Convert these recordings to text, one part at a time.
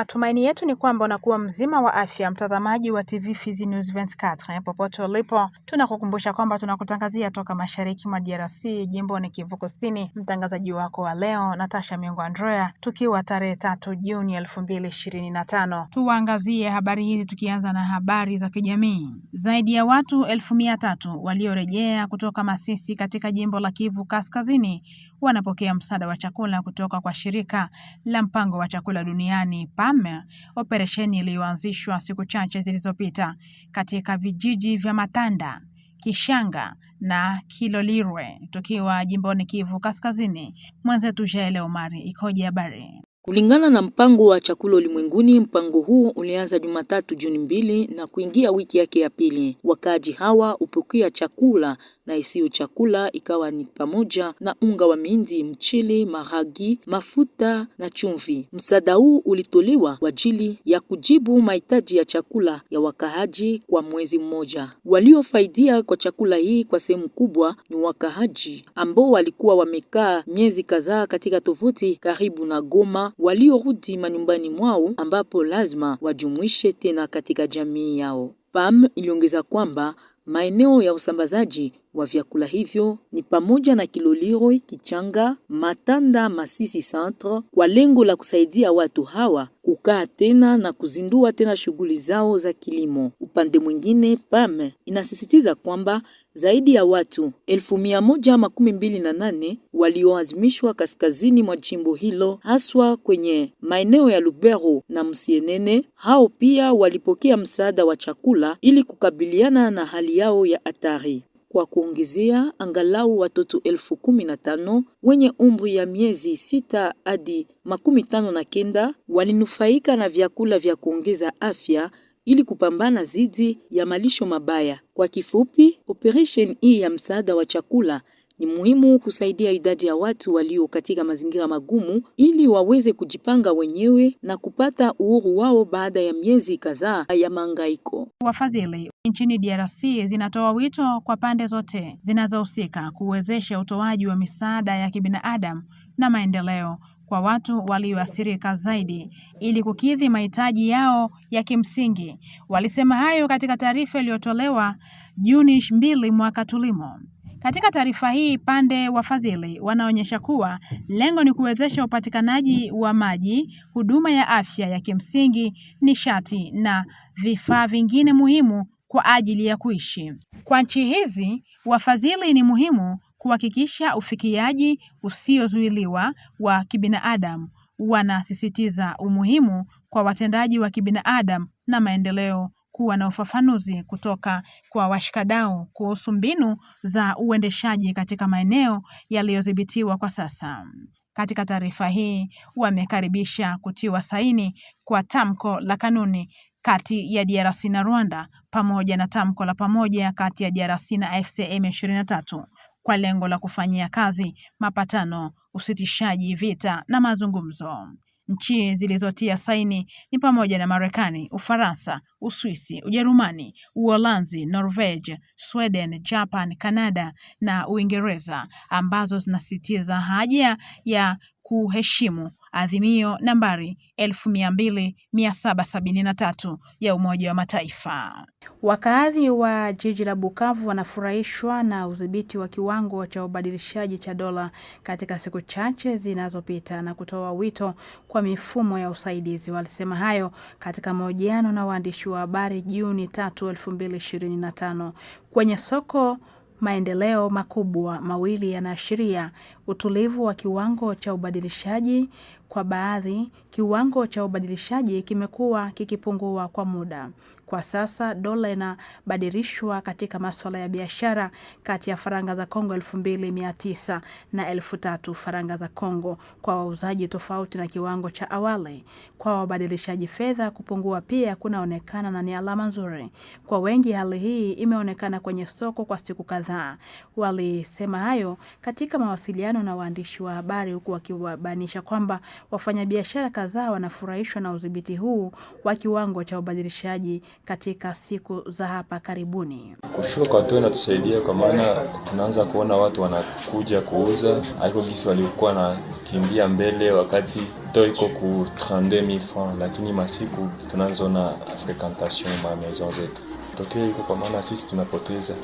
Matumaini yetu ni kwamba unakuwa mzima wa afya, mtazamaji wa TV Fizi News 24 eh, popote ulipo, tunakukumbusha kwamba tunakutangazia toka mashariki mwa DRC, jimbo ni Kivu Kusini. Mtangazaji wako wa leo Natasha Miongo Andrea, tukiwa tarehe tatu Juni elfu mbili ishirini na tano. Tuwaangazie habari hizi tukianza na habari za kijamii. Zaidi ya watu elfu mia tatu waliorejea kutoka Masisi katika jimbo la Kivu Kaskazini wanapokea msaada wa chakula kutoka kwa shirika la mpango wa chakula duniani PAM, e, operesheni iliyoanzishwa siku chache zilizopita katika vijiji vya Matanda, Kishanga na Kilolirwe, tukiwa jimboni Kivu Kaskazini. Mwenzetu Jaele Omari, ikoje habari? Kulingana na mpango wa chakula ulimwenguni, mpango huu ulianza Jumatatu Juni mbili na kuingia wiki yake ya pili. Wakaaji hawa hupokea chakula na isiyo chakula ikawa ni pamoja na unga wa mindi, mchele, maharagi, mafuta na chumvi. Msaada huu ulitolewa kwa ajili ya kujibu mahitaji ya chakula ya wakaaji kwa mwezi mmoja. Waliofaidia kwa chakula hii kwa sehemu kubwa ni wakaaji ambao walikuwa wamekaa miezi kadhaa katika tovuti karibu na Goma waliorudi manyumbani mwao, ambapo lazima wajumuishe tena katika jamii yao. PAM iliongeza kwamba maeneo ya usambazaji wa vyakula hivyo ni pamoja na Kiloliroi, Kichanga, Matanda, Masisi Centre kwa lengo la kusaidia watu hawa kukaa tena na kuzindua tena shughuli zao za kilimo. Upande mwingine, PAM inasisitiza kwamba zaidi ya watu elfu mia moja makumi mbili na nane walioazimishwa kaskazini mwa jimbo hilo haswa kwenye maeneo ya Lubero na Msienene. Hao pia walipokea msaada wa chakula ili kukabiliana na hali yao ya hatari. Kwa kuongezea, angalau watoto elfu kumi na tano wenye umri ya miezi sita hadi makumi tano na kenda walinufaika na vyakula vya kuongeza afya ili kupambana dhidi ya malisho mabaya. Kwa kifupi, operation hii ya msaada wa chakula ni muhimu kusaidia idadi ya watu walio katika mazingira magumu ili waweze kujipanga wenyewe na kupata uhuru wao baada ya miezi kadhaa ya mahangaiko. Wafadhili nchini DRC zinatoa wito kwa pande zote zinazohusika kuwezesha utoaji wa misaada ya kibinadamu na maendeleo kwa watu walioathirika zaidi ili kukidhi mahitaji yao ya kimsingi. Walisema hayo katika taarifa iliyotolewa Juni 2 mwaka tulimo. Katika taarifa hii, pande wafadhili wanaonyesha kuwa lengo ni kuwezesha upatikanaji wa maji, huduma ya afya ya kimsingi, nishati na vifaa vingine muhimu kwa ajili ya kuishi. Kwa nchi hizi, wafadhili ni muhimu kuhakikisha ufikiaji usiozuiliwa wa kibinadamu. Wanasisitiza umuhimu kwa watendaji wa kibinadamu na maendeleo kuwa na ufafanuzi kutoka kwa washikadau kuhusu mbinu za uendeshaji katika maeneo yaliyodhibitiwa kwa sasa. Katika taarifa hii, wamekaribisha kutiwa saini kwa tamko la kanuni kati ya DRC na Rwanda pamoja na tamko la pamoja kati ya DRC na AFC M23 kwa lengo la kufanyia kazi mapatano, usitishaji vita na mazungumzo. Nchi zilizotia saini ni pamoja na Marekani, Ufaransa, Uswisi, Ujerumani, Uholanzi, Norvegi, Sweden, Japan, Kanada na Uingereza ambazo zinasisitiza haja ya kuheshimu adhimio nambari 2773 ya Umoja wa Mataifa. wakaadhi wa jiji la Bukavu wanafurahishwa na udhibiti wa kiwango cha ubadilishaji cha dola katika siku chache zinazopita na kutoa wito kwa mifumo ya usaidizi. Walisema hayo katika mahojiano na waandishi wa habari Juni 3, 2025 kwenye soko maendeleo makubwa mawili yanaashiria utulivu wa kiwango cha ubadilishaji. Kwa baadhi, kiwango cha ubadilishaji kimekuwa kikipungua kwa muda. Kwa sasa dola inabadilishwa katika masuala ya biashara kati ya faranga za Kongo 2900 na 3000 faranga za Kongo kwa wauzaji, tofauti na kiwango cha awali. Kwa wabadilishaji, fedha kupungua pia kunaonekana na ni alama nzuri kwa wengi. Hali hii imeonekana kwenye soko kwa siku kadhaa. Walisema hayo katika mawasiliano mkutano na waandishi wa habari huku wakiwabainisha kwamba wafanyabiashara kadhaa wanafurahishwa na udhibiti huu wa kiwango cha ubadilishaji katika siku za hapa karibuni. Kushuka kwa toni inatusaidia kwa maana tunaanza kuona watu wanakuja kuuza, haiko gisi waliokuwa wanakimbia mbele wakati to iko ku 32000 francs, lakini masiku tunazoona frequentation ma maison zetu tokeo iko, kwa maana sisi tunapoteza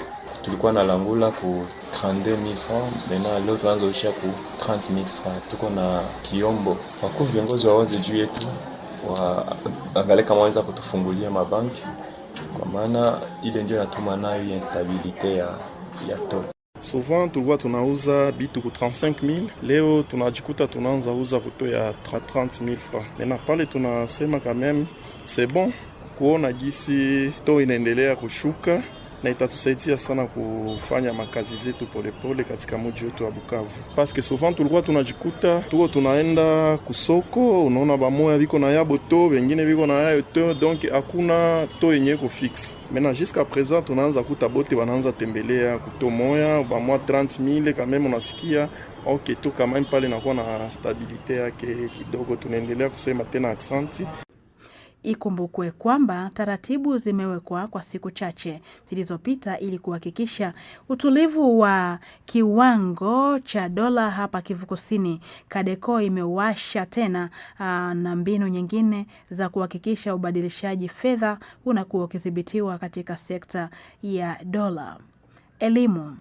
tulikuwa na langula ku 32000 francs mena leo tuanzaisha ku 30000 francs. Tuko na kiombo wakuu viongozi wawazi juu yetu, waangalie kama wanaweza kutufungulia mabanki, kwa maana ile ndio natuma nayo instabilite ya, ya to Souvent tulikuwa tunauza bitu ku 35000 leo tunajikuta tunaanza uza kutoya 30000 francs. Mena pale tunasema quand même c'est bon kuona gisi to inaendelea kushuka na itatusaidia sana kufanya makazi zetu polepole katika mji wetu wa Bukavu, paske souvent tulikuwa tunajikuta tuko tunaenda kusoko, unaona bamoya biko na yabo to bengine biko na yayo to, donc hakuna to yenye ko fixe mena jusqu'à présent tunaanza kuta bote wanaanza tembelea kuto moya bamwa 30000 quand même, unasikia ok tu kama mpale nakuwa na stabilite yake kidogo, tunaendelea kusema tena aksanti Ikumbukwe kwamba taratibu zimewekwa kwa siku chache zilizopita ili kuhakikisha utulivu wa kiwango cha dola hapa Kivu Kusini. Kadeko imewasha tena aa, na mbinu nyingine za kuhakikisha ubadilishaji fedha unakuwa ukidhibitiwa katika sekta ya dola. Elimu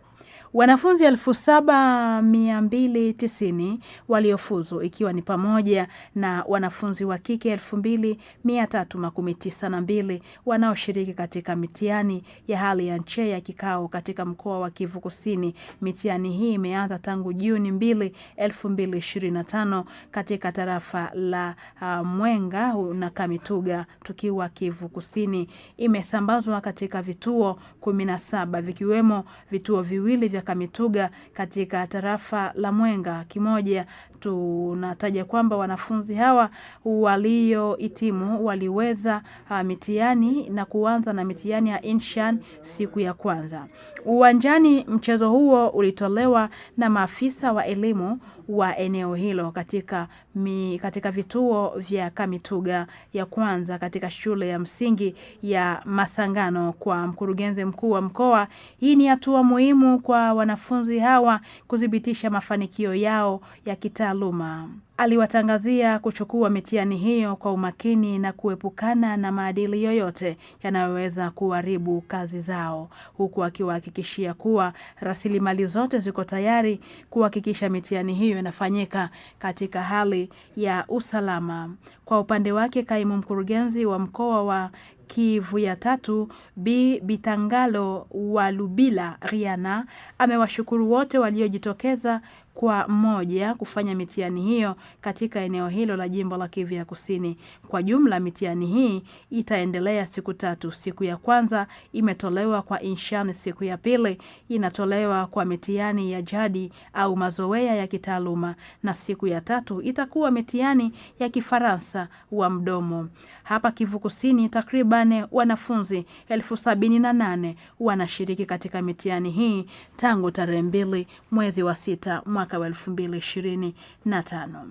Wanafunzi 7290 waliofuzu ikiwa ni pamoja na wanafunzi wa kike 2392 wanaoshiriki katika mitihani ya hali ya nche ya kikao katika mkoa wa Kivu Kusini. Mitihani hii imeanza tangu Juni 2, 2025 katika tarafa la uh, Mwenga na Kamituga tukiwa Kivu Kusini. Imesambazwa katika vituo 17 vikiwemo vituo viwili vya Kamituga katika tarafa la Mwenga. Kimoja, tunataja kwamba wanafunzi hawa waliohitimu waliweza uh, mitihani na kuanza na mitihani ya Inshan siku ya kwanza. Uwanjani mchezo huo ulitolewa na maafisa wa elimu wa eneo hilo katika, mi, katika vituo vya Kamituga ya kwanza katika shule ya msingi ya Masangano kwa mkurugenzi mkuu wa mkoa. Hii ni hatua muhimu kwa wanafunzi hawa kuthibitisha mafanikio yao ya kitaaluma aliwatangazia kuchukua mitihani hiyo kwa umakini na kuepukana na maadili yoyote yanayoweza kuharibu kazi zao, huku akiwahakikishia kuwa rasilimali zote ziko tayari kuhakikisha mitihani hiyo inafanyika katika hali ya usalama. Kwa upande wake, kaimu mkurugenzi wa mkoa wa Kivu ya tatu B Bitangalo Walubila Riana amewashukuru wote waliojitokeza kwa moja kufanya mitihani hiyo katika eneo hilo la jimbo la Kivu ya Kusini. Kwa jumla mitihani hii itaendelea siku tatu. Siku ya kwanza imetolewa kwa inshani, siku ya pili inatolewa kwa mitihani ya jadi au mazoea ya kitaaluma, na siku ya tatu itakuwa mitihani ya Kifaransa wa mdomo. Hapa Kivu Kusini takriban wanafunzi elfu sabini na nane wanashiriki katika mitihani hii tangu tarehe mbili mwezi wa sita mwaka mwaka wa 2025.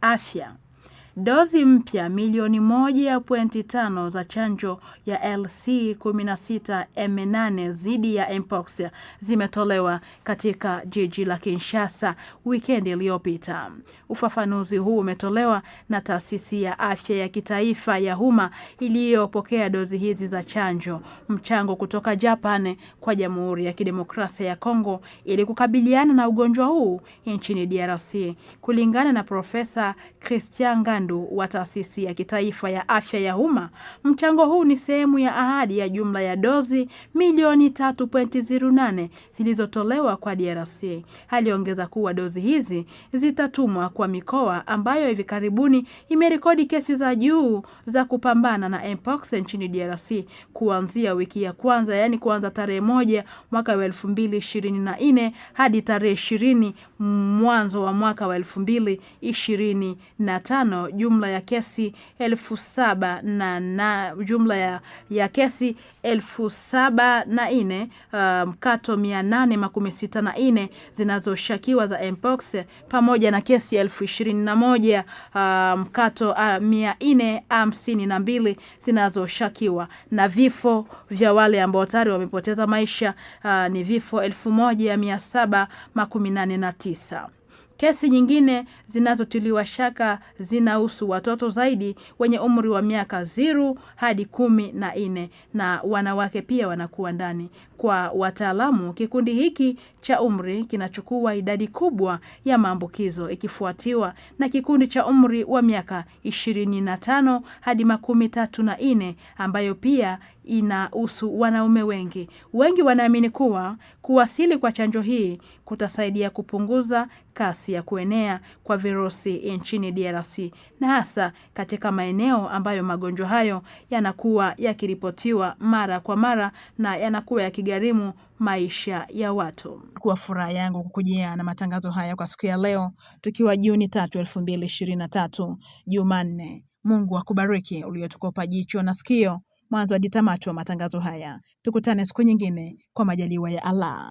Afya Dozi mpya milioni moja ya pointi tano za chanjo ya LC16 M8 dhidi ya mpox zimetolewa katika jiji la Kinshasa wikendi iliyopita. Ufafanuzi huu umetolewa na taasisi ya afya ya kitaifa ya umma iliyopokea dozi hizi za chanjo, mchango kutoka Japan kwa Jamhuri ya Kidemokrasia ya Kongo ili kukabiliana na ugonjwa huu nchini DRC, kulingana na Profesa Christian Mwendu wa Taasisi ya Kitaifa ya Afya ya Umma, mchango huu ni sehemu ya ahadi ya jumla ya dozi milioni 3.08 zilizotolewa kwa DRC. Aliongeza kuwa dozi hizi zitatumwa kwa mikoa ambayo hivi karibuni imerekodi kesi za juu za kupambana na mpox nchini DRC kuanzia wiki ya kwanza, yaani kuanza tarehe moja mwaka wa nne hadi tarehe 20 mwanzo wa mwaka wa 2025 jumla ya kesi elfu saba na, na jumla ya, ya kesi elfu saba na nne uh, um, mkato mia nane makumi sita na nne zinazoshakiwa za mpox pamoja na kesi elfu ishirini na moja uh, um, mkato uh, mia nne hamsini na mbili zinazoshakiwa na vifo vya wale ambao tayari wamepoteza maisha uh, ni vifo elfu moja mia saba makumi nane na tisa. Kesi nyingine zinazotiliwa shaka zinahusu watoto zaidi wenye umri wa miaka ziru hadi kumi na nne na wanawake pia wanakuwa ndani. Kwa wataalamu, kikundi hiki cha umri kinachukua idadi kubwa ya maambukizo ikifuatiwa na kikundi cha umri wa miaka ishirini na tano hadi makumi tatu na nne ambayo pia inahusu wanaume wengi. Wengi wanaamini kuwa kuwasili kwa chanjo hii kutasaidia kupunguza kasi kasi ya kuenea kwa virusi nchini DRC na hasa katika maeneo ambayo magonjwa hayo yanakuwa yakiripotiwa mara kwa mara na yanakuwa yakigharimu maisha ya watu. Kwa furaha yangu kukujia na matangazo haya kwa siku ya leo, tukiwa Juni tatu elfu mbili ishirini na tatu Jumanne. Mungu akubariki uliotukopa jicho na sikio mwanzo wa tamati wa matangazo haya. Tukutane siku nyingine kwa majaliwa ya Allah.